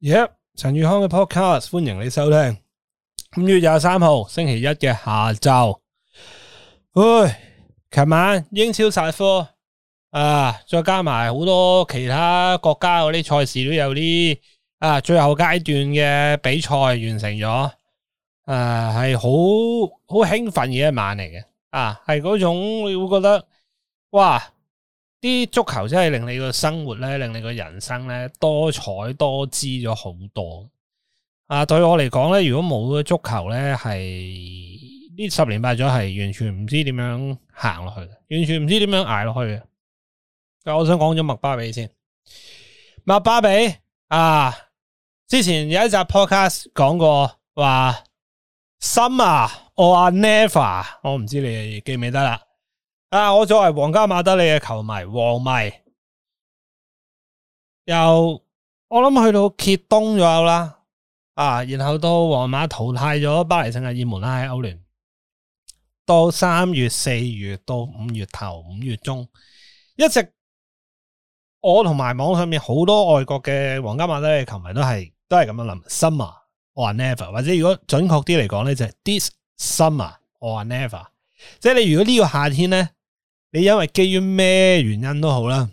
耶！陳宇、yep, 康嘅 podcast，歡迎你收聽。五月廿三號星期一嘅下晝，唉，琴晚英超煞科啊，再加埋好多其他國家嗰啲賽事都有啲啊，最後階段嘅比賽完成咗，誒，係好好興奮嘅一晚嚟嘅，啊，係嗰、啊、種你會覺得哇！啲足球真係令你個生活咧，令你個人生咧多彩多姿咗好多。啊，對我嚟講咧，如果冇足球咧，係呢十年八載係完全唔知點樣行落去，完全唔知點樣挨落去嘅。但我想講咗麥巴比先，麥巴比啊，之前有一集 podcast 講過話，森啊，我阿 never，我唔知你記唔記得啦。啊！我作為皇家馬德里嘅球迷，皇迷，又我諗去到揭東左右啦，啊，然後到皇馬淘汰咗巴黎聖日耳門啦，喺歐聯，到三月、四月到五月頭、五月中，一直我同埋網上面好多外國嘅皇家馬德里嘅球迷都係都係咁樣諗，summer or never，或者如果準確啲嚟講咧，就係 this summer or never，即係你如果呢個夏天咧。你因為基於咩原因都好啦，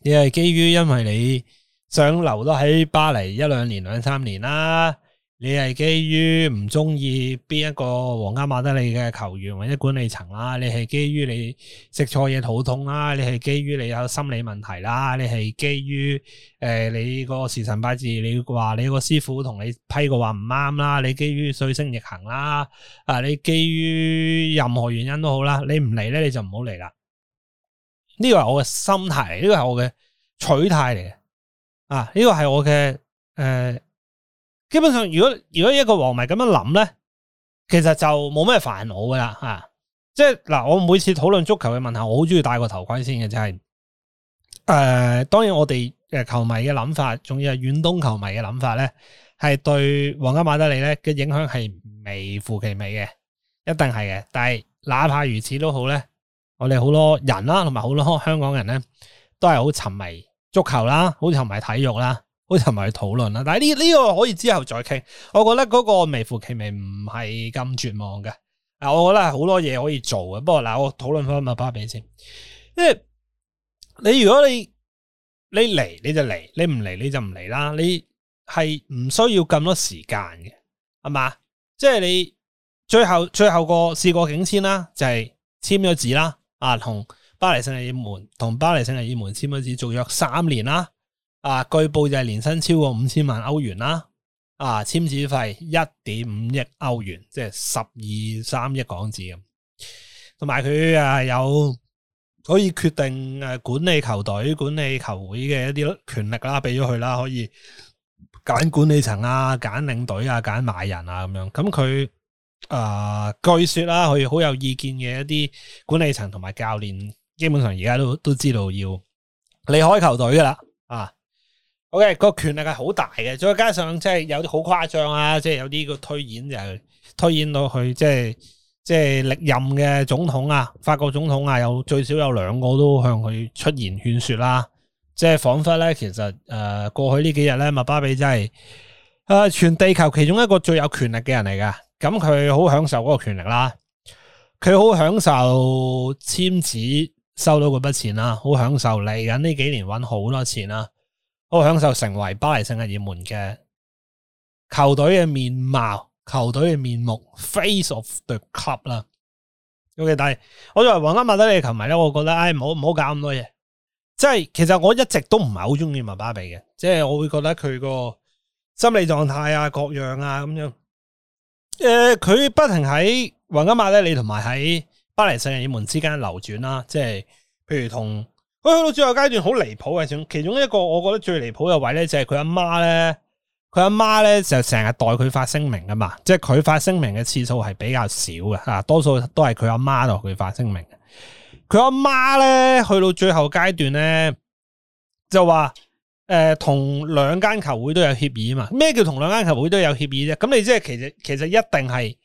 你係基於因為你想留多喺巴黎一兩年兩三年啦。你係基於唔中意邊一個皇家馬德里嘅球員或者管理層啦？你係基於你食錯嘢肚痛啦？你係基於你有心理問題啦？你係基於誒、呃、你個時辰八字？你話你個師傅同你批個話唔啱啦？你基於水星逆行啦？啊，你基於任何原因都好啦，你唔嚟咧，你就唔好嚟啦。呢個係我嘅心態，呢個係我嘅取態嚟嘅。啊，呢個係我嘅誒。呃基本上，如果如果一個皇迷咁樣諗咧，其實就冇咩煩惱噶啦吓，即係嗱，我每次討論足球嘅問題，我好中意戴個頭盔先嘅，就係、是、誒、呃，當然我哋誒球迷嘅諗法，仲要係遠東球迷嘅諗法咧，係對皇家馬德里咧嘅影響係微乎其微嘅，一定係嘅。但係哪怕如此都好咧，我哋好多人啦，同埋好多香港人咧，都係好沉迷足球啦，好沉迷體育啦。會同埋討論啦，但係呢呢個可以之後再傾。我覺得嗰個微乎其微，唔係咁絕望嘅，啊，我覺得係好多嘢可以做嘅。不過嗱，我討論翻麥巴比先，即係你如果你你嚟你就嚟，你唔嚟你就唔嚟啦。你係唔需要咁多時間嘅，係嘛？即係你最後最後個事過境遷啦，就係簽咗字啦。啊，同巴黎聖日耳門同巴黎聖日耳門簽咗字，續約三年啦。啊！據報就係年薪超過五千萬歐元啦，啊，啊，簽字費一點五億歐元，即係十二三億港紙咁。同埋佢啊，有可以決定誒管理球隊、管理球會嘅一啲權力啦，啊，俾咗佢啦，可以揀管理層啊，揀領隊啊，揀買人啊咁樣。咁佢啊，據說啦，啊，佢好有意見嘅一啲管理層同埋教練，基本上而家都都知道要離開球隊噶啦。O.K. 個權力係好大嘅，再加上即係有啲好誇張啊！即、就、係、是、有啲個推演就推演到去、就是，即係即係歷任嘅總統啊，法國總統啊，有最少有兩個都向佢出言勸說啦、啊。即係仿佛咧，其實誒、呃、過去幾呢幾日咧，麥巴比真係誒、呃、全地球其中一個最有權力嘅人嚟㗎。咁佢好享受嗰個權力啦，佢好享受簽字收到嗰筆錢啦，好享受嚟緊呢幾年揾好多錢啦。我享受成為巴黎聖日耳門嘅球隊嘅面貌、球隊嘅面目 （face of the c u p 啦。OK，但係我作為皇家馬德里嘅球迷咧，我覺得唉，唔好唔好搞咁多嘢。即係其實我一直都唔係好中意問巴比嘅，即係我會覺得佢個心理狀態啊、各樣啊咁樣。誒、呃，佢不停喺皇家馬德里同埋喺巴黎聖日耳門之間流轉啦。即係譬如同。佢去到最後階段好離譜嘅，其中一個我覺得最離譜嘅位咧，就係佢阿媽咧，佢阿媽咧就成日代佢發聲明噶嘛，即係佢發聲明嘅次數係比較少嘅，吓多數都係佢阿媽同佢發聲明。佢阿媽咧去到最後階段咧，就話誒同兩間球會都有協議啊嘛，咩叫同兩間球會都有協議啫？咁你即係其實其實一定係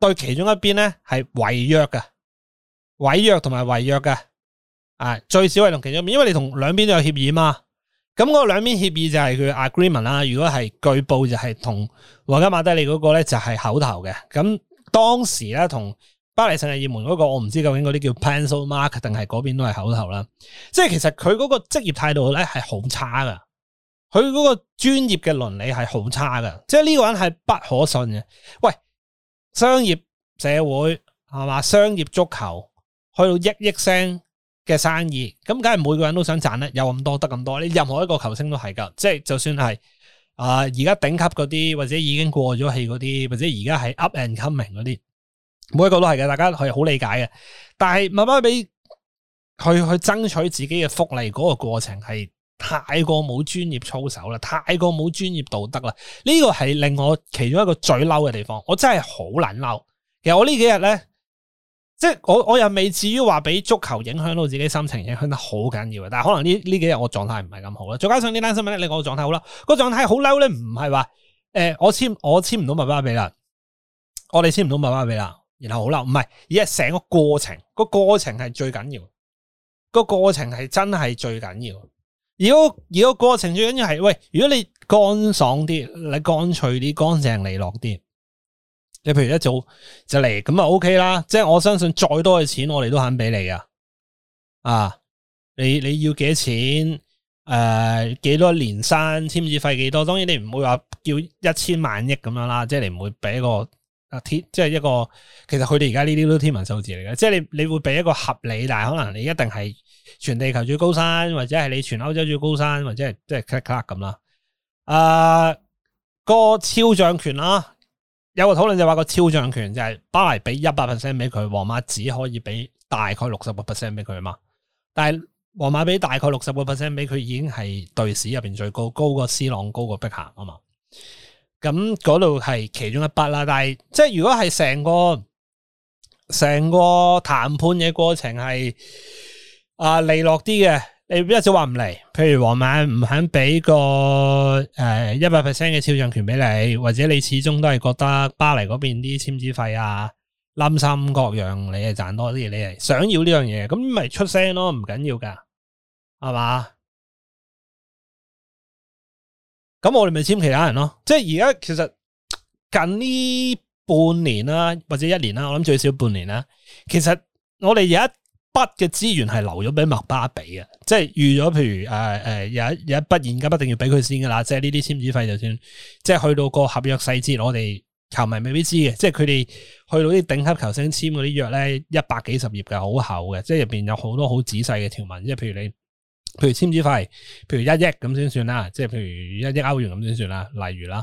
對其中一邊咧係違約嘅，違約同埋違約嘅。啊，最少係同其中一面，因為你同兩邊都有協議吖嘛。咁嗰個兩邊協議就係佢嘅 agreement 啦。如果係據報就係同皇家馬德里嗰個咧就係口頭嘅。咁當時咧同巴黎聖日耳門嗰個我唔知究竟嗰啲叫 pencil mark 定係嗰邊都係口頭啦。即係其實佢嗰個職業態度咧係好差噶，佢嗰個專業嘅倫理係好差噶。即係呢個人係不可信嘅。喂，商業社會係嘛？商業足球去到億億聲嘅生意，咁梗係每個人都想賺啦，有咁多得咁多，你任何一個球星都係噶，即係就算係啊，而家頂級嗰啲，或者已經過咗氣嗰啲，或者而家係 up and coming 嗰啲，每一個都係嘅，大家可以好理解嘅。但係慢慢俾佢去爭取自己嘅福利嗰個過程，係太過冇專業操守啦，太過冇專業道德啦，呢個係令我其中一個最嬲嘅地方，我真係好難嬲。其實我呢幾日咧。即係我我又未至於話俾足球影響到自己心情，影響得好緊要嘅。但係可能呢呢幾日我狀態唔係咁好啦，再加上呢單新聞咧，你我狀態好啦，個狀態好嬲咧，唔係話誒我簽我簽唔到麥巴比啦，我哋簽唔到麥巴比啦，然後好嬲，唔係，而係成個過程，個過程係最緊要，個過程係真係最緊要。如果而個過程最緊要係喂，如果你乾爽啲，你乾脆啲，乾淨利落啲。你譬如一早就嚟咁啊，O K 啦。即係我相信再多嘅錢，我哋都肯俾你啊！啊，你你要幾多錢？誒、呃，幾多年生？簽字費幾多？當然你唔會話要一千萬億咁樣啦。即係你唔會俾一個啊天，即係一個其實佢哋而家呢啲都天文數字嚟嘅。即係你你會俾一個合理，但係可能你一定係全地球最高薪，或者係你全歐洲最高薪，或者係即係 c l i c k 卡咁啦。啊、呃那個肖像權啦、啊。有個討論就話個肖像權就係巴黎俾一百 percent 俾佢，皇馬只可以俾大概六十個 percent 俾佢啊嘛。但係皇馬俾大概六十個 percent 俾佢已經係隊史入邊最高，高過 C 朗，高過碧咸啊嘛。咁嗰度係其中一筆啦。但係即係如果係成個成個談判嘅過程係啊利落啲嘅。你一就話唔嚟，譬如皇馬唔肯俾個誒一百 percent 嘅肖像權俾你，或者你始終都係覺得巴黎嗰邊啲簽字費啊、冧心各樣，你係賺多啲，你係想要呢樣嘢，咁咪出聲咯，唔緊要噶，係嘛？咁我哋咪簽其他人咯。即係而家其實近呢半年啦、啊，或者一年啦、啊，我諗最少半年啦、啊。其實我哋而家。筆嘅資源係留咗俾麥巴比嘅，即係預咗，譬如誒誒、呃，有一有一筆現金，一定要俾佢先噶啦。即係呢啲簽紙費就算，即係去到個合約細節，我哋球迷未必知嘅。即係佢哋去到啲頂級球星簽嗰啲約咧，一百幾十頁嘅好厚嘅，即係入邊有好多好仔細嘅條文。即係譬如你，譬如簽紙費，譬如一億咁先算啦，即係譬如一億歐元咁先算啦，例如啦。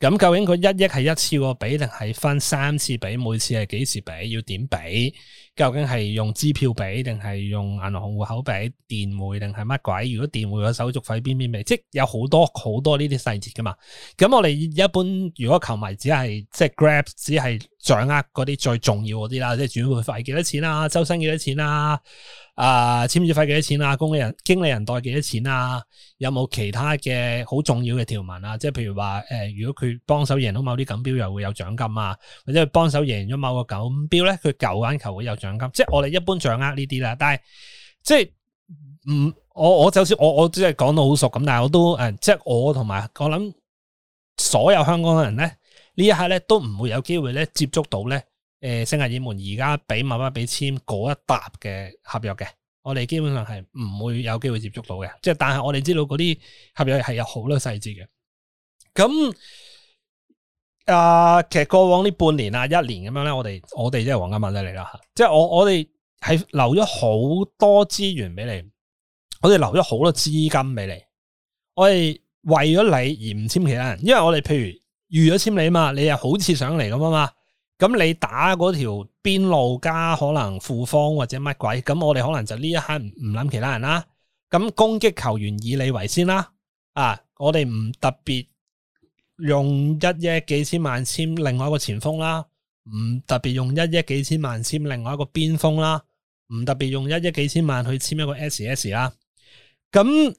咁究竟佢一億係一次過俾，定係分三次俾？每次係幾時俾？要點俾？究竟係用支票俾，定係用銀行戶口俾？電匯定係乜鬼？如果電匯嘅手續費邊邊未？即有好多好多呢啲細節噶嘛。咁我哋一般如果球迷只係即係、就是、Grab 只係掌握嗰啲最重要嗰啲啦，即係轉會費幾多錢啦、啊，周薪幾多錢啦、啊。啊！簽字費幾多錢啊？經理人經理人代幾多錢啊？有冇其他嘅好重要嘅條文啊？即係譬如話、呃、如果佢幫手贏到某啲錦標，又會有獎金啊？或者佢幫手贏咗某個錦標咧，佢舊眼球會有獎金。即係我哋一般掌握呢啲啦。但係即係唔，我我，我就算我我真係講到好熟咁，但係我都呃、即係我同埋我諗所有香港人咧，呢一刻咧都唔會有機會咧接觸到咧。誒、呃，聖日耳門而家俾麥麥俾簽嗰一沓嘅合約嘅，我哋基本上係唔會有機會接觸到嘅。即係，但係我哋知道嗰啲合約係有好多細節嘅。咁啊、呃，其實過往呢半年啊、一年咁樣咧，我哋我哋即係黃家文嚟啦。即係我我哋係留咗好多資源俾你，我哋留咗好多資金俾你，我哋為咗你而唔簽其他人，因為我哋譬如預咗簽你嘛，你又好似上嚟咁啊嘛。咁你打嗰條邊路加可能副鋒或者乜鬼，咁我哋可能就呢一刻唔諗其他人啦。咁攻擊球員以你為先啦。啊，我哋唔特別用一億幾千萬簽另外一個前鋒啦，唔特別用一億幾千萬簽另外一個邊鋒啦，唔特別用一億幾千萬，幾千萬籤去簽一個 SS 啦，啊。咁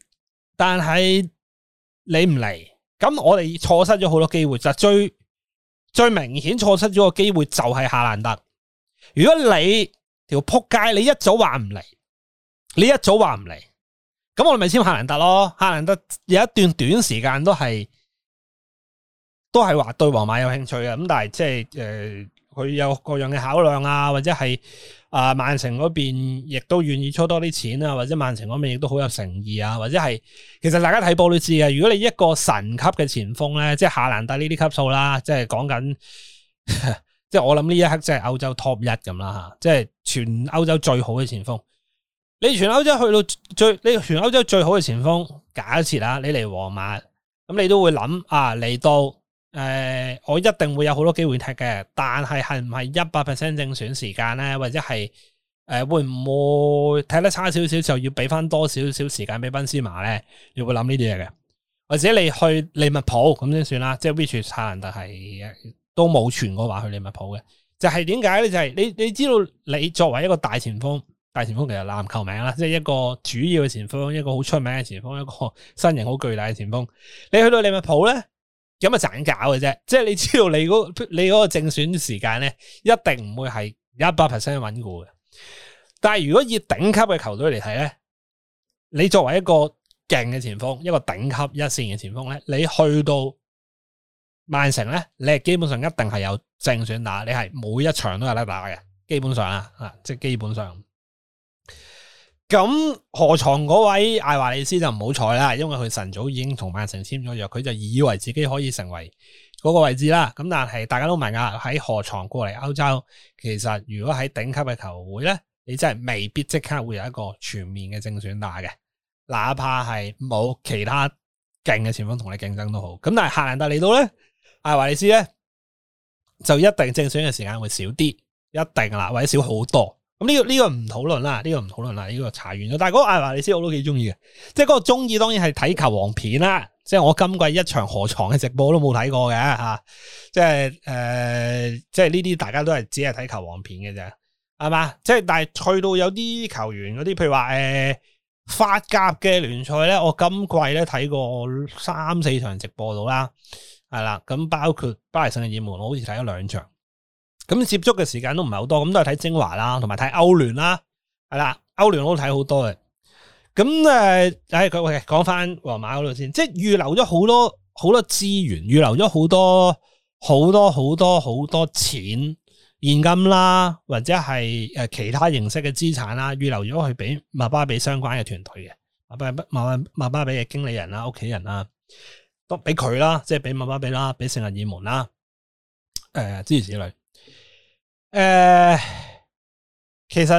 但係你唔嚟，咁我哋錯失咗好多機會就追。最明顯錯失咗個機會就係夏蘭特。如果你條扑街，你一早話唔嚟，你一早話唔嚟，咁我哋咪簽夏蘭特咯。夏蘭特有一段短時間都係都係話對皇馬有興趣嘅，咁但係即係誒。呃佢有各樣嘅考量啊，或者係啊、呃、曼城嗰邊亦都願意出多啲錢啊，或者曼城嗰邊亦都好有誠意啊，或者係其實大家睇報都知啊，如果你一個神級嘅前鋒咧，即係夏蘭達呢啲級數啦，即係講緊，即係我諗呢一刻即係歐洲 top 一咁啦吓，即係全歐洲最好嘅前鋒。你全歐洲去到最，你全歐洲最好嘅前鋒，假設啊，你嚟皇馬，咁你都會諗啊嚟到。誒，我一定會有好多機會踢嘅，但係係唔係一百 percent 正選時間咧，或者係誒會唔會踢得差少少就要俾翻多少少時間俾賓斯馬咧？你會諗呢啲嘢嘅，或者你去利物浦咁先算啦。即係 which candidate 係都冇傳過話去利物浦嘅，就係點解咧？就係你你知道你作為一個大前鋒，大前鋒其實籃球名啦，即係一個主要嘅前鋒，一個好出名嘅前鋒，一個身形好巨大嘅前鋒，你去到利物浦咧，咁咪盞搞嘅啫，即係你知道你嗰、嗰個、你個正選時間咧，一定唔會係一百 percent 穩固嘅。但係如果以頂級嘅球隊嚟睇咧，你作為一個勁嘅前鋒，一個頂級一線嘅前鋒咧，你去到曼城咧，你係基本上一定係有正選打，你係每一場都有得打嘅。基本上啊，啊，即係基本上。咁河床嗰位艾華里斯就唔好彩啦，因為佢晨早已經同曼城簽咗約，佢就以為自己可以成為嗰個位置啦。咁但係大家都明啊，喺河床過嚟歐洲，其實如果喺頂級嘅球會咧，你真係未必即刻會有一個全面嘅正選打嘅，哪怕係冇其他勁嘅前鋒同你競爭都好。咁但係克蘭達嚟到咧，艾華里斯咧就一定正選嘅時間會少啲，一定啦，或者少好多。呢、這個呢、這個唔討論啦，呢、這個唔討論啦，呢、這個查完咗。但係、那、嗰個艾華利斯、啊，你知我都幾中意嘅，即係嗰個中意當然係睇球王片啦。即係我今季一場河床嘅直播我都冇睇過嘅，即係誒，即係呢啲大家都係只係睇球王片嘅啫，係嘛？即係但係去到有啲球員嗰啲，譬如話誒、呃、法甲嘅聯賽咧，我今季咧睇過三四場直播到啦，係、啊、啦。咁包括巴黎聖日耳門，我好似睇咗兩場。咁接觸嘅時間都唔係好多，咁都係睇精華啦，同埋睇歐聯啦，係啦，歐聯我都睇好多嘅。咁誒，誒、呃，佢講翻皇馬嗰度先，即係預留咗好多好多資源，預留咗好多好多好多好多錢現金啦，或者係誒其他形式嘅資產啦，預留咗去俾麥巴比相關嘅團隊嘅，麥巴比嘅經理人啦、屋企人啦，都俾佢啦，即係俾麥巴比啦，俾聖人爾蒙啦，誒、呃，子女之類。誒、呃，其實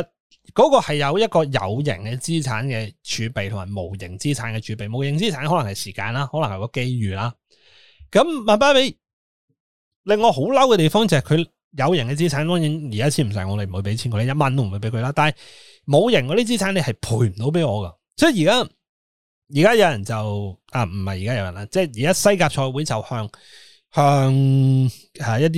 嗰個係有一個有形嘅資產嘅儲備同埋無形資產嘅儲備，無形資產可能係時間啦，可能係個機遇啦。咁麥巴比，令我好嬲嘅地方就係佢有形嘅資產，當然而家簽唔成，我哋唔會俾錢佢，一蚊都唔會俾佢啦。但係冇形嗰啲資產，你係賠唔到俾我噶所以而家而家有人就啊，唔係而家有人啦，即係而家西甲賽會就向。向誒一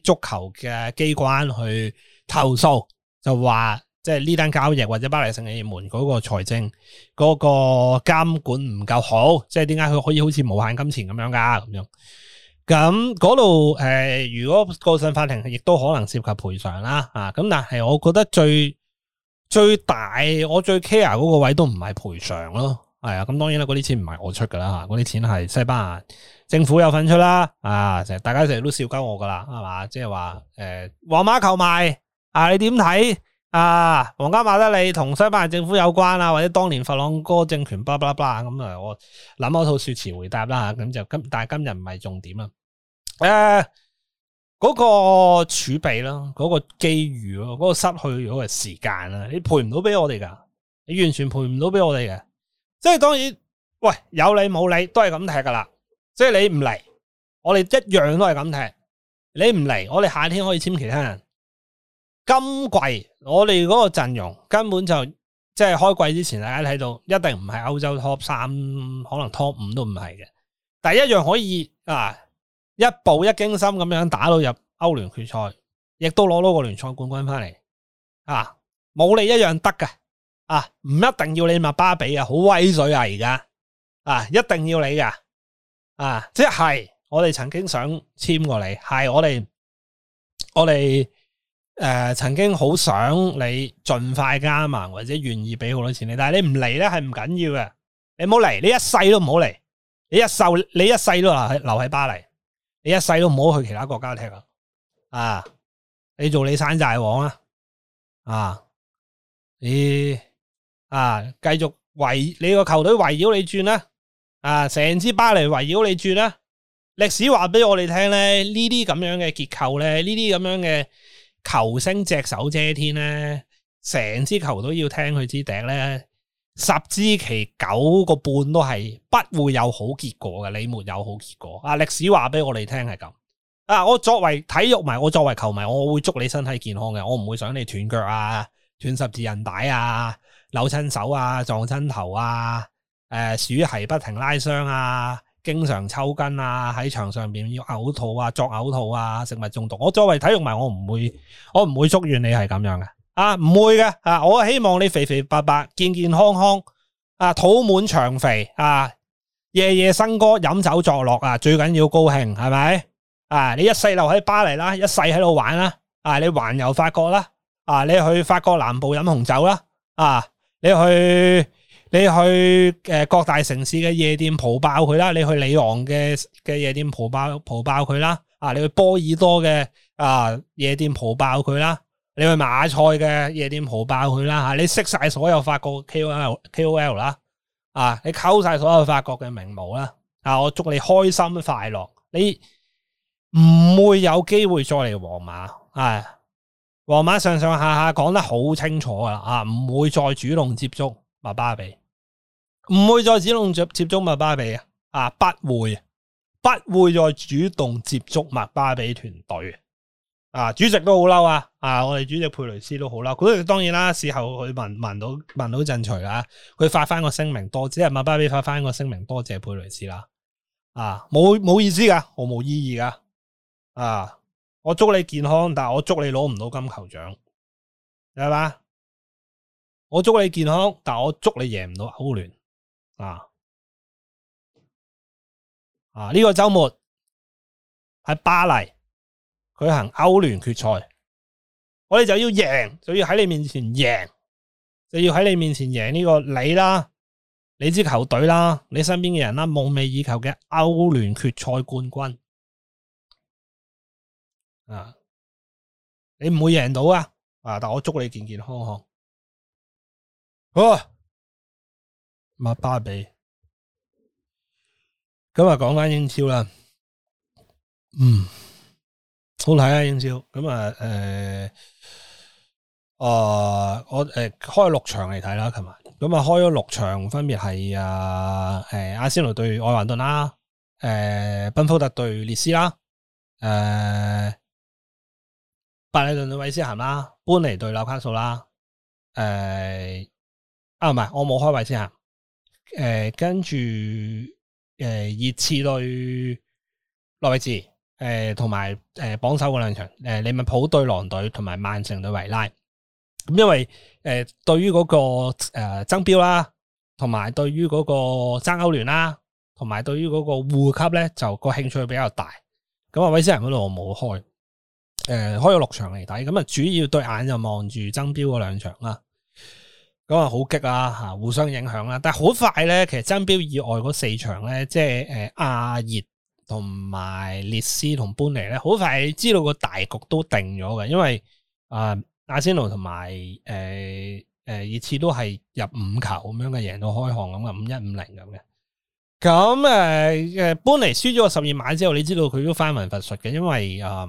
啲足球嘅機關去投訴就，就話即係呢單交易或者巴黎聖日耳門嗰個財政嗰個監管唔夠好，即係點解佢可以好似無限金錢咁樣噶咁樣？咁嗰度誒，如果告上法庭亦都可能涉及賠償啦，啊咁，但係我覺得最最大我最 care 嗰個位都唔係賠償咯，係、哎、啊，咁當然啦，嗰啲錢唔係我出噶啦，吓，嗰啲錢係西班牙。政府有份出啦，啊，成大家成日都笑鳩我噶啦，係嘛？即係話誒，皇馬購買啊，你點睇啊？皇家馬德里同西班牙政府有關啊？或者當年法朗哥政權，巴拉巴拉咁啊？我諗嗰套說辭回答啦，咁就今但係今日唔係重點啦，誒，嗰個儲備啦，嗰個機遇咯，嗰個失去嗰個時間啊，你賠唔到俾我哋噶，你完全賠唔到俾我哋嘅。即係當然，喂，有理冇理都係咁踢噶啦。即係你唔嚟，我哋一樣都係咁踢。你唔嚟，我哋夏天可以簽其他人。今季我哋嗰個陣容根本就即係開季之前大家睇到，一定唔係歐洲 top 三，可能 top 五都唔係嘅。但一樣可以啊，一步一驚心咁樣打到入歐聯決賽，亦都攞到個聯賽冠軍翻嚟啊！冇你一樣得㗎，啊，唔一定要你麥巴比啊，好威水啊！而家啊，一定要你㗎。啊！即係我哋曾經想簽過你，係我哋我哋誒、呃，曾經好想你盡快加盟，或者願意俾好多錢你，但係你唔嚟咧，係唔緊要嘅。你冇嚟，你一世都唔好嚟，你一世你一世都留喺巴黎，你一世都唔好去其他國家踢啦。啊！你做你山寨王啊啊！你啊，繼續圍你個球隊圍繞你轉啦。啊！成支巴黎圍繞你轉啦，歷史話俾我哋聽咧，呢啲咁樣嘅結構咧，呢啲咁樣嘅球星隻手遮天咧，成支球都要聽佢支笛咧，十支其九個半都係不會有好結果嘅，你沒有好結果。啊，歷史話俾我哋聽係咁。啊，我作為體育迷，我作為球迷，我會祝你身體健康嘅，我唔會想你斷腳啊，斷十字韌帶啊，扭親手啊，撞親頭啊。誒、啊，鼠係不停拉傷啊，經常抽筋啊，喺場上邊要嘔吐啊，作嘔吐啊，食物中毒。我作為體育迷，我唔會，我唔會祝願你係咁樣嘅、啊，啊唔會嘅，啊我希望你肥肥白白，健健康康，啊肚滿腸肥，啊夜夜笙歌，飲酒作樂啊，最緊要高興，係咪？啊，你一世留喺巴黎啦，一世喺度玩啦，啊你環遊法國啦，啊你去法國南部飲紅酒啦，啊你去。你去誒各大城市嘅夜店蒲爆佢啦，你去里昂嘅嘅夜店蒲爆蒲爆佢啦，啊，你去波爾多嘅啊夜店蒲爆佢啦，你去馬賽嘅夜店蒲爆佢啦，吓，你識晒所有法國 K O L K O L 啦，啊，你溝晒所有法國嘅名模啦，啊，我祝你開心快樂，你唔會有機會再嚟皇馬啊，皇馬上上下下講得好清楚噶啦，啊，唔會再主動接觸。麥巴比唔會再主動接接觸麥巴比啊！啊，不會，不會再主動接觸麥巴比團隊啊！主席都好嬲啊！啊，我哋主席佩雷斯都好嬲。佢當然啦，事後佢問到問到陣，除佢發翻個聲明多謝，只係麥巴比發翻個聲明多謝佩雷斯啦。啊，冇冇意思噶，毫無意義噶。啊，我祝你健康，但係我祝你攞唔到金球獎，明白？我祝你健康，但我祝你贏唔到歐聯啊！啊，呢個周末喺巴黎舉行歐聯決賽，我哋就要贏，就要喺你面前贏，就要喺你面前贏呢個你啦，你支球隊啦，你身邊嘅人啦，夢寐以求嘅歐聯決賽冠軍啊！你唔會贏到啊！啊，但我祝你健健康康。啊好，麥、哦、巴比，咁日講翻英超啦，嗯，好睇啊英超，咁啊，誒、呃，啊、呃，我誒、呃、開六場嚟睇啦，琴晚，咁啊，開咗六場分別，分別係啊，誒，阿仙奴對愛華頓啦，誒、呃，賓福特對列斯啦，誒、呃，巴里頓對韋斯咸啦，搬尼對紐卡素啦，誒、呃。啊唔係，我冇開韋斯咸。誒、呃，跟住誒熱刺對諾維治，誒同埋誒榜首嗰兩場，誒、呃、利物浦對狼隊同埋曼城對維拉。咁、嗯、因為誒、呃、對於嗰、那個誒爭、呃、標啦，同埋對於嗰個爭歐聯啦，同埋對於嗰個護級咧，就個興趣比較大。咁啊韋斯咸嗰度我冇開，誒、呃、開咗六場嚟睇。咁啊主要對眼就望住爭標嗰兩場啦。咁啊，好激啊，吓互相影響啦。但係好快咧，其實爭標以外嗰四場咧，即係誒阿熱同埋列斯同搬嚟咧，好快知道個大局都定咗嘅。因為啊、呃，阿仙奴同埋誒誒熱刺都係入五球咁樣嘅，贏到開巷咁嘅，五一五零咁嘅。咁誒誒搬嚟輸咗十二碼之後，你知道佢都返魂乏術嘅，因為啊，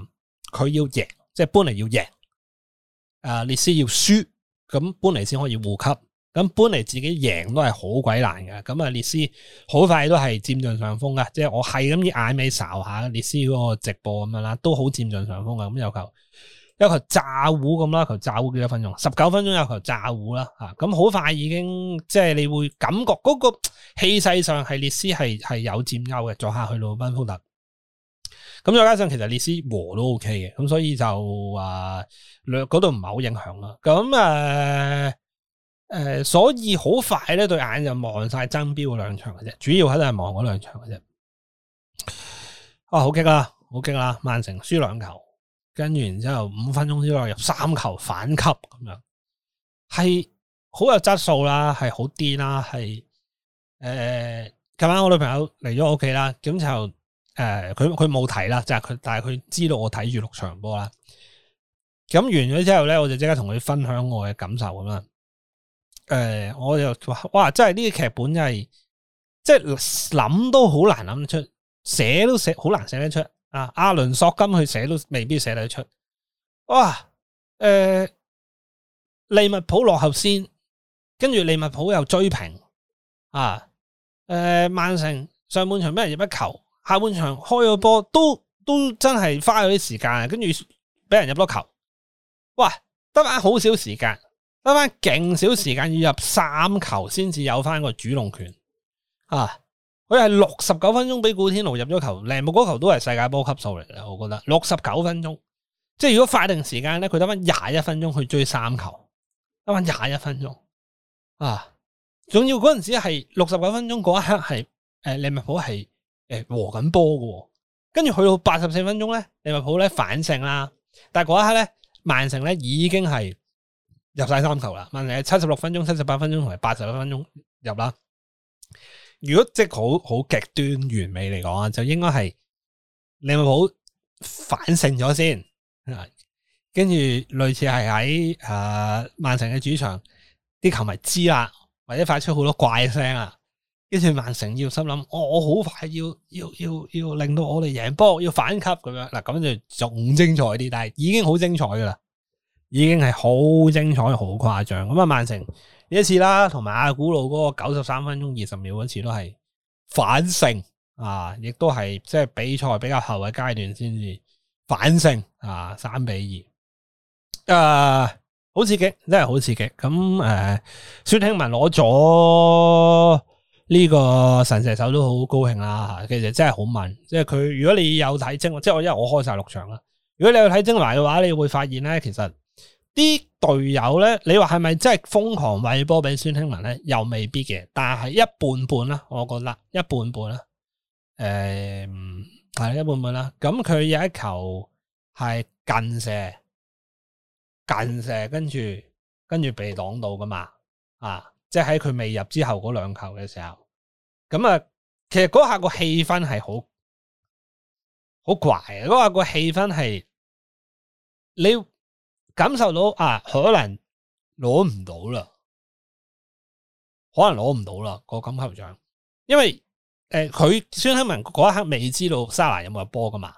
佢、呃、要贏，即係搬嚟要贏，啊、呃、列斯要輸。咁搬嚟先可以互吸，咁搬嚟自己贏都係好鬼難嘅。咁啊，列斯好快都係占盡上風嘅，即係我係咁啲眼尾睄下列斯嗰個直播咁樣啦，都好占盡上風嘅。咁有球，一球炸糊咁啦，球炸糊幾多分鐘？十九分鐘有球炸糊啦，吓咁好快已經，即係你會感覺嗰個氣勢上係列斯係係有占優嘅。作客去到賓福特。咁再加上其實列斯和都 OK 嘅，咁所以就話嗰度唔係好影響啦。咁誒誒，所以好快咧對眼就望晒爭標嗰兩場嘅啫，主要喺度係望嗰兩場嘅啫。啊，好激啦，好激啦！曼城輸兩球，跟住然之後五分鐘之內入三球反吸咁樣，係好有質素啦，係好癲啦，係誒，琴、呃、晚我女朋友嚟咗我屋企啦，咁就。誒，佢佢冇睇啦，就係佢，但係佢知道我睇住六場波啦。咁完咗之後咧，我就即刻同佢分享我嘅感受咁啦。誒、呃，我就哇，哇，真係呢個劇本真係，即係諗都好難諗得出，寫都寫好難寫得出啊！阿倫索金佢寫都未必寫得出。哇！誒、呃，利物浦落後先，跟住利物浦又追平啊！誒、呃，曼城上半場俾人入一球。下半場開咗波都都真係花咗啲時間，跟住俾人入咗球。哇，得翻好少時間，得翻勁少時間要入三球先至有翻個主動權啊！佢係六十九分鐘俾古天奴入咗球，利物浦嗰球都係世界波級數嚟嘅，我覺得六十九分鐘，即係如果法定時間咧，佢得翻廿一分鐘去追三球，得翻廿一分鐘啊！仲要嗰陣時係六十九分鐘嗰一刻係誒利物浦係。誒，欸、和緊波喎。跟住去到八十四分鐘咧，利物浦咧反勝啦。但係嗰一刻咧，曼城咧已經係入晒三球啦。曼城係七十六分鐘、七十八分鐘同埋八十一分鐘入啦。如果即係好好極端完美嚟講啊，就應該係利物浦反勝咗先，啊、跟住類似係喺誒曼城嘅主場，啲球迷知啦，或者發出好多怪聲啊。跟住曼城要心諗、哦，我好快要要要要令到我哋贏波，要反級咁樣嗱，咁就仲精彩啲，但係已經好精彩噶啦，已經係好精彩，好誇張。咁、嗯、啊，曼城呢一次啦，同埋阿古路嗰個九十三分鐘二十秒嗰次都係反勝啊，亦都係即係比賽比較後嘅階段先至反勝啊，三比二，啊，誒，好刺激，真係好刺激。咁、嗯、誒、啊，孫興慜攞咗。呢個神射手都好高興啦，吓，其實真係好敏，即係佢如果你有睇清，即係我因為我開晒六場啦。如果你有睇清埋嘅話，你會發現咧，其實啲隊友咧，你話係咪真係瘋狂喂波俾孫興慜咧？又未必嘅，但係一半半啦，我覺得一半半啦，誒、呃，係一半半啦。咁佢有一球係近射，近射跟住跟住被擋到噶嘛，啊！即係喺佢未入之後嗰兩球嘅時候，咁啊，其實嗰下個氣氛係好好怪啊！嗰下個氣氛係你感受到啊，可能攞唔到啦，可能攞唔到啦，個金球獎，因為誒，佢孫興慜嗰一刻未知道莎拿有冇入波噶嘛，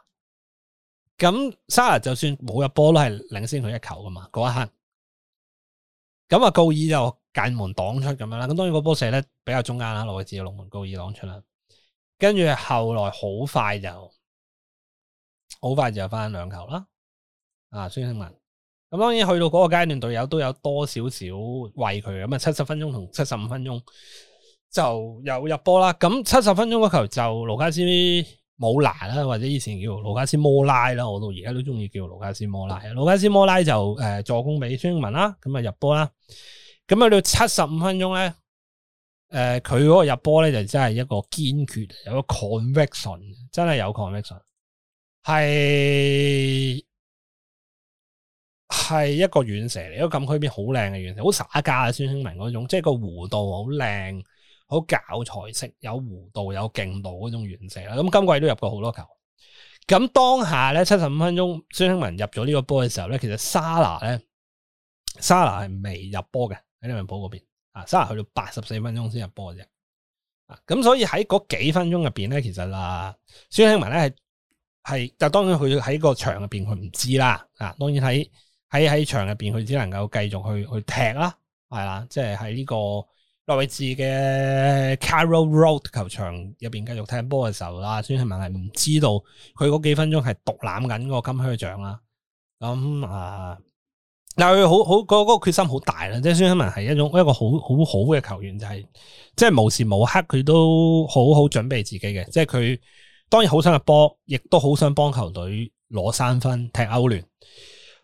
咁莎拿就算冇入波都係領先佢一球噶嘛，嗰一刻，咁啊，告爾就。間門擋出咁樣啦，咁當然個波射咧比較中間啦，羅域治龍門高爾擋出啦，跟住後來好快就好快就翻兩球啦。啊，孫興文，咁當然去到嗰個階段，隊友都有多少少餵佢，咁啊七十分鐘同七十五分鐘就又入波啦。咁七十分鐘嗰球就盧卡斯摩拿啦，或者以前叫盧卡斯摩拉啦，我到而家都中意叫盧卡斯摩拉。盧卡斯、斯摩拉就誒、呃、助攻俾孫興文啦，咁啊入波啦。咁去到七十五分鐘咧，誒、呃，佢嗰個入波咧就真係一個堅決，有個 conviction，真係有 conviction，係係一個遠射嚟，一個禁區邊好靚嘅遠射，好耍家啊，孫興文嗰種，即係個弧度好靚，好教材式，有弧度，有勁度嗰種遠射啦。咁今季都入過好多球。咁當下咧七十五分鐘，孫興文入咗呢個波嘅時候咧，其實沙拿咧，沙拿係未入波嘅。喺利物浦嗰邊啊，沙拿去到八十四分鐘先入波嘅啫。啊、咁所以喺嗰幾分鐘入邊咧，其實啦、啊、孫興文咧係係，但當然佢喺個場入邊佢唔知啦，啊，當然喺喺喺場入邊佢只能夠繼續去去踢啦，係、啊、啦，即係喺呢個諾維治嘅 Carrow Road 球場入邊繼續踢波嘅時候啦、啊，孫興文係唔知道佢嗰幾分鐘係獨攬緊個金靴獎啦，咁啊。但佢好好個決心好大啦，即係孫興文係一種一個好好好嘅球員，就係即係無時無刻佢都好好準備自己嘅，即係佢當然好想入波，亦都好想幫球隊攞三分踢歐聯。誒、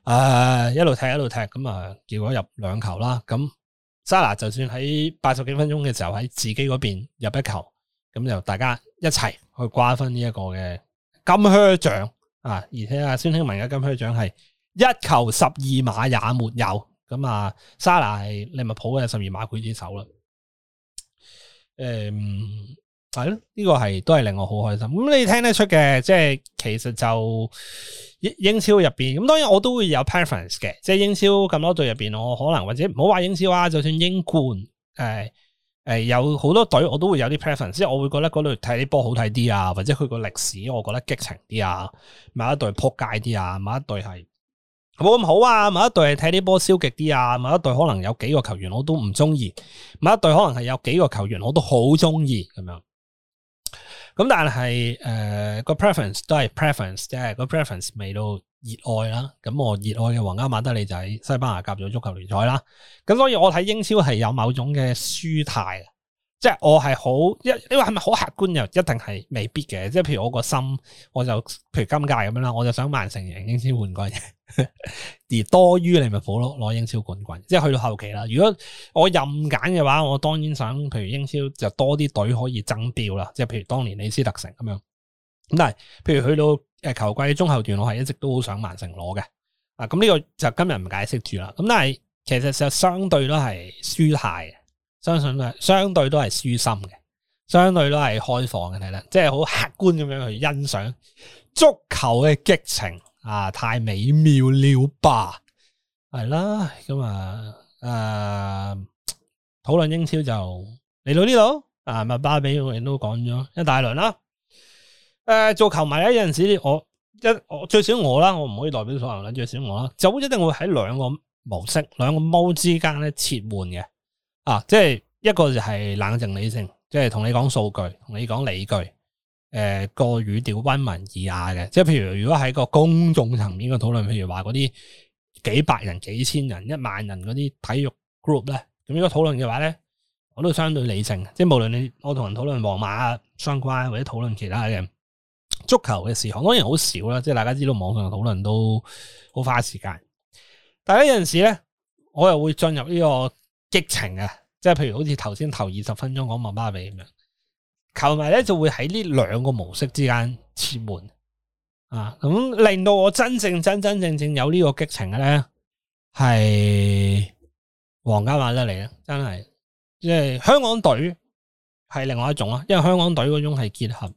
啊，一路踢一路踢咁啊，結果入兩球啦。咁沙拿就算喺八十幾分鐘嘅時候喺自己嗰邊入一球，咁就大家一齊去瓜分呢一個嘅金靴獎啊！而且啊孫興文嘅金靴獎係。一球十二碼也沒有，咁啊，沙拿係利物浦嘅十二碼佢啲手啦，誒、嗯，係咯，呢、這個係都係令我好開心。咁、嗯、你聽得出嘅，即係其實就英超入邊，咁當然我都會有 preference 嘅，即係英超咁多隊入邊，我可能或者唔好話英超啊，就算英冠，誒、呃、誒、呃，有好多隊我都會有啲 preference，即係我會覺得嗰隊睇啲波好睇啲啊，或者佢個歷史我覺得激情啲啊，某一隊扑街啲啊，某一隊係。冇咁好啊！某一隊睇呢波消極啲啊，某一隊可能有幾個球員我都唔中意，某一隊可能係有幾個球員我都好中意咁樣。咁但係誒、呃、個 preference 都係 preference，即係個 preference 未到熱愛啦。咁我熱愛嘅皇家馬德里就喺西班牙甲組足球聯賽啦。咁所以我睇英超係有某種嘅舒泰。即係我係好一，你話係咪好客觀又一定係未必嘅？即係譬如我個心，我就譬如今屆咁樣啦，我就想曼城贏英超冠軍，而多於你咪火咯攞英超冠軍。即係去到後期啦，如果我任揀嘅話，我當然想譬如英超就多啲隊可以爭掉啦。即係譬如當年李斯特城咁樣。咁但係譬如去到誒球季中後段，我係一直都好想曼城攞嘅。啊，咁呢個就今日唔解釋住啦。咁但係其實就相對都係輸蟹嘅相信相對都係舒心嘅，相對都係開放嘅，係啦，即係好客觀咁樣去欣賞足球嘅激情啊！太美妙了吧，係啦，咁、嗯、啊，誒，討論英超就嚟到呢度啊，麥巴比我哋都講咗一大輪啦、啊。誒、啊，做球迷有陣時我一，我一我最少我啦，我唔可以代表所有人，最少我啦，就一定會喺兩個模式、兩個踎之間咧切換嘅。啊，即係一個就係冷靜理性，即係同你講數據，同你講理據，誒個語調溫文爾雅嘅。即係譬如如果喺個公眾層面嘅討論，譬如話嗰啲幾百人、幾千人、一萬人嗰啲體育 group 咧，咁如果討論嘅話咧，我都相對理性。即係無論你我同人討論皇馬啊、相關或者討論其他嘅足球嘅事，當然好少啦。即係大家知道網上討論都好花時間，但係呢有陣時咧，我又會進入呢、這個。激情啊！即係譬如好似頭先頭二十分鐘講麥巴比咁樣，球迷咧就會喺呢兩個模式之間切換啊！咁令到我真正真真正正有呢個激情嘅咧，係皇家馬德里咧，真係，即係香港隊係另外一種啊！因為香港隊嗰種係結合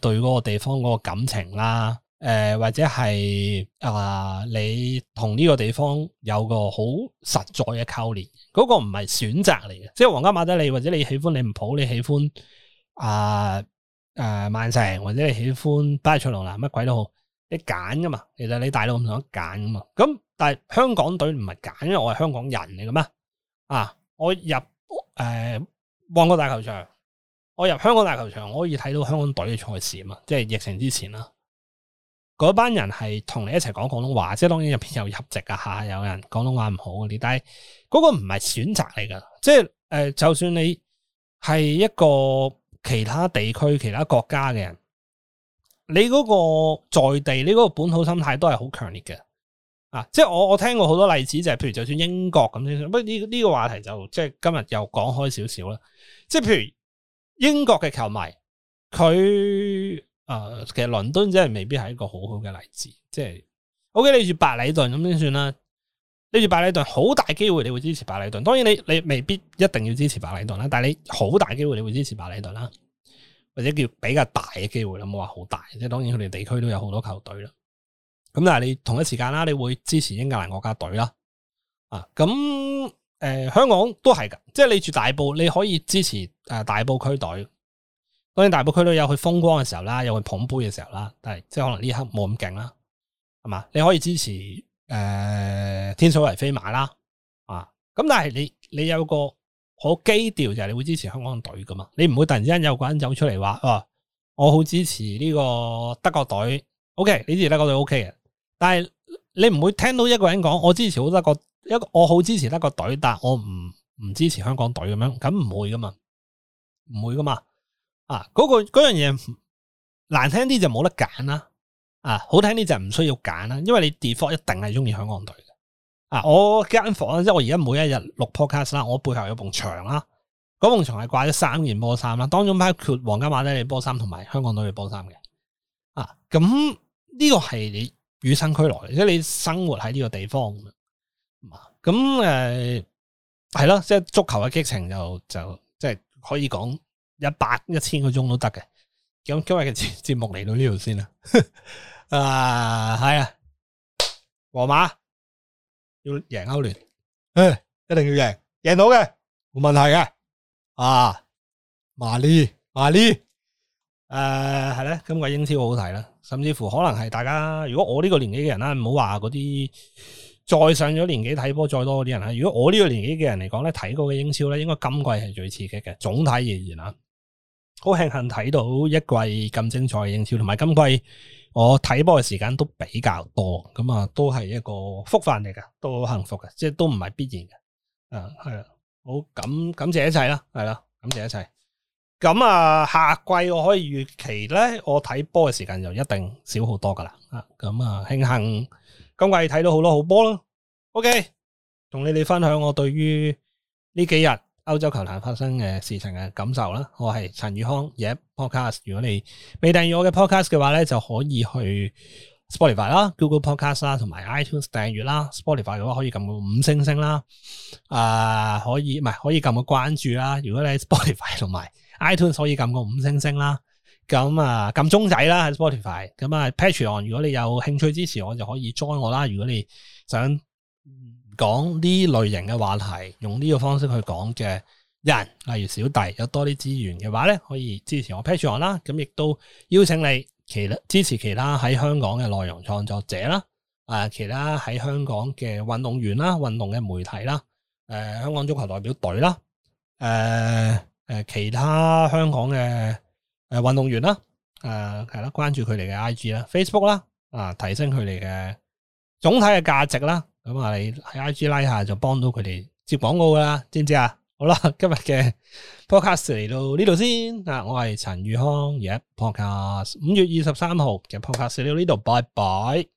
對嗰個地方嗰個感情啦、啊。誒、呃，或者係啊、呃，你同呢個地方有個好實在嘅扣連，嗰、那個唔係選擇嚟嘅，即係皇家馬德里，或者你喜歡你唔抱你喜歡啊誒、呃呃、曼城，或者你喜歡巴塞羅那，乜鬼都好，你揀噶嘛？其實你大佬唔想揀噶嘛？咁但係香港隊唔係揀，因為我係香港人嚟嘅咩？啊，我入誒、呃、旺角大球場，我入香港大球場，我可以睇到香港隊嘅賽事嘛？即係疫情之前啦。嗰班人係同你一齊講廣東話，即係當然入邊有入籍啊吓，有人廣東話唔好嗰啲，但係嗰個唔係選擇嚟噶，即係誒，就算你係一個其他地區、其他國家嘅人，你嗰個在地，你嗰個本土心態都係好強烈嘅啊！即係我我聽過好多例子，就係、是、譬如就算英國咁樣，不過呢呢個話題就即係今日又講開少少啦，即係譬如英國嘅球迷，佢。誒，其實倫敦真係未必係一個好好嘅例子，即係，OK，你住白禮頓咁先算啦？你住白禮頓，好大機會你會支持白禮頓。當然你你未必一定要支持白禮頓啦，但係你好大機會你會支持白禮頓啦，或者叫比較大嘅機會啦，冇話好大。即係當然佢哋地區都有好多球隊啦，咁但係你同一時間啦，你會支持英格蘭國家隊啦，啊，咁誒、呃，香港都係噶，即係你住大埔，你可以支持誒、呃、大埔區隊。當然，大埔區都有去風光嘅時候啦，有去捧杯嘅時候啦，但係即係可能呢刻冇咁勁啦，係嘛？你可以支持誒、呃、天水圍飛馬啦，啊，咁但係你你有個好基調就係你會支持香港隊噶嘛？你唔會突然之間有個人走出嚟話，哇、啊，我好支持呢個德國隊，O K，你支持德國隊 O K 嘅，但係你唔會聽到一個人講，我支持好德國，一我好支持德國隊，但係我唔唔支持香港隊咁樣，咁唔會噶嘛，唔會噶嘛。啊，嗰、嗰個嗰樣嘢難聽啲就冇得揀啦，啊好聽啲就唔需要揀啦，因為你 default 一定係中意香港隊嘅。啊，我間房即係我而家每一日錄 podcast 啦，我背後有棟牆啦，嗰棟牆係掛咗三件波衫啦，當中包括皇家馬德里波衫同埋香港隊嘅波衫嘅。啊，咁呢個係你與生俱來，即係你生活喺呢個地方咁啊。咁誒係咯，即係足球嘅激情就就即係可以講。一百一千個鐘都得嘅，咁今日嘅節目嚟到呢度先啦。啊，係啊，皇馬要贏歐聯，誒、欸，一定要贏，贏到嘅，冇問題嘅。啊，馬利，馬利，誒、啊，係咧、啊，今季英超好好睇啦，甚至乎可能係大家，如果我呢個年紀嘅人啦，唔好話嗰啲再上咗年紀睇波再多嗰啲人啦，如果我呢個年紀嘅人嚟講咧，睇過嘅英超咧，應該今季係最刺激嘅，總體而言啊。好慶幸睇到一季咁精彩嘅英超，同埋今季我睇波嘅時間都比較多，咁啊都係一個福份嚟噶，都好幸福㗎，即係都唔係必然嘅，啊係啦，好感感謝一切啦，係啦，感謝一切。咁啊，下、嗯、季我可以預期咧，我睇波嘅時間就一定少好多噶啦，啊咁啊慶幸今季睇到好多好波咯。OK，同你哋分享我對於呢幾日。歐洲球壇發生嘅事情嘅感受啦，我係陳宇康，而、yep, podcast。如果你未訂閱我嘅 podcast 嘅話咧，就可以去 Spotify 啦、Google Podcast 啦、同埋 iTunes 訂閱啦。Spotify 嘅話可以撳個五星星啦，啊、呃、可以唔係可以撳個關注啦。如果你喺 Spotify 同埋 iTunes 可以撳個五星星啦，咁啊撳鐘仔啦喺 Spotify。咁啊 Patreon 如果你有興趣支持我，就可以 join 我啦。如果你想。講呢類型嘅話題，用呢個方式去講嘅人，例如小弟有多啲資源嘅話呢，可以支持我 Patreon 啦。咁亦都邀請你其，其支持其他喺香港嘅內容創作者啦，啊，其他喺香港嘅運動員啦，運動嘅媒體啦，誒、呃，香港足球代表隊啦，誒、呃、誒，其他香港嘅誒運動員啦，誒係啦，關注佢哋嘅 IG 啦、Facebook 啦，啊，提升佢哋嘅總體嘅價值啦。咁啊，你喺 IG 拉下就幫到佢哋接廣告㗎啦，知唔知啊？好啦，今日嘅 podcast 嚟到呢度先啊，我係陳宇康，yeah，podcast 五月二十三號嘅 podcast 嚟到呢度，拜拜。